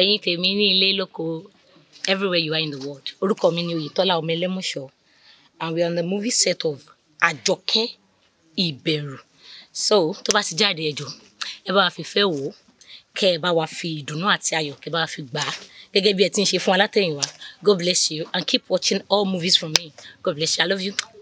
ẹ̀yin tèmi ní ilé lóko everywhere you are in the world orúkọ mi ni Oyètọ́lá ọmọ Ẹlẹ́múṣọ and we are on the movie set of Ajoke Ìbẹ̀rù so tó bá ti jáde ẹjọ ẹ bá wa fi fẹ́ wò ó kẹ ẹ bá wa fi ìdùnnú àti ayọ̀ kẹ bá wa fi gbà á gẹ́gẹ́ bí ẹ ti ń ṣe fún alátẹ̀yìnwá God bless you and keep watching all movies from me God bless you I love you.